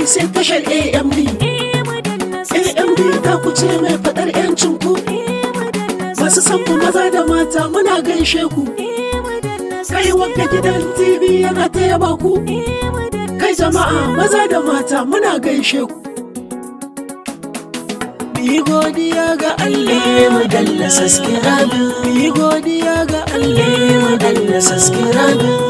kai sai tashar AMD. AMD ta ku ce mai faɗar 'yancin ku. Masu san ku maza da mata muna gaishe ku. Kai wanda gidan TV yana ta ku. Kai jama'a maza da mata muna gaishe ku. Yi godiya ga Allah mu dalla saskira bi. Yi godiya ga Allah dalla saskira bi.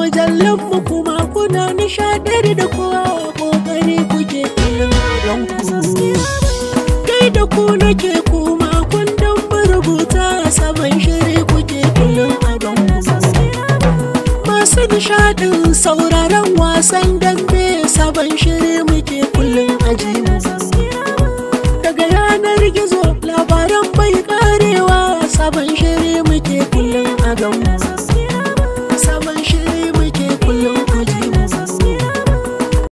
mujallin mu kuma kuna nishadar da kowa kokari kuke ilimin kai da ku nake kuma kun dan rubuta saman shiri kuke kullum a masu nishadin sauraron wasan dambe sabon shiri muke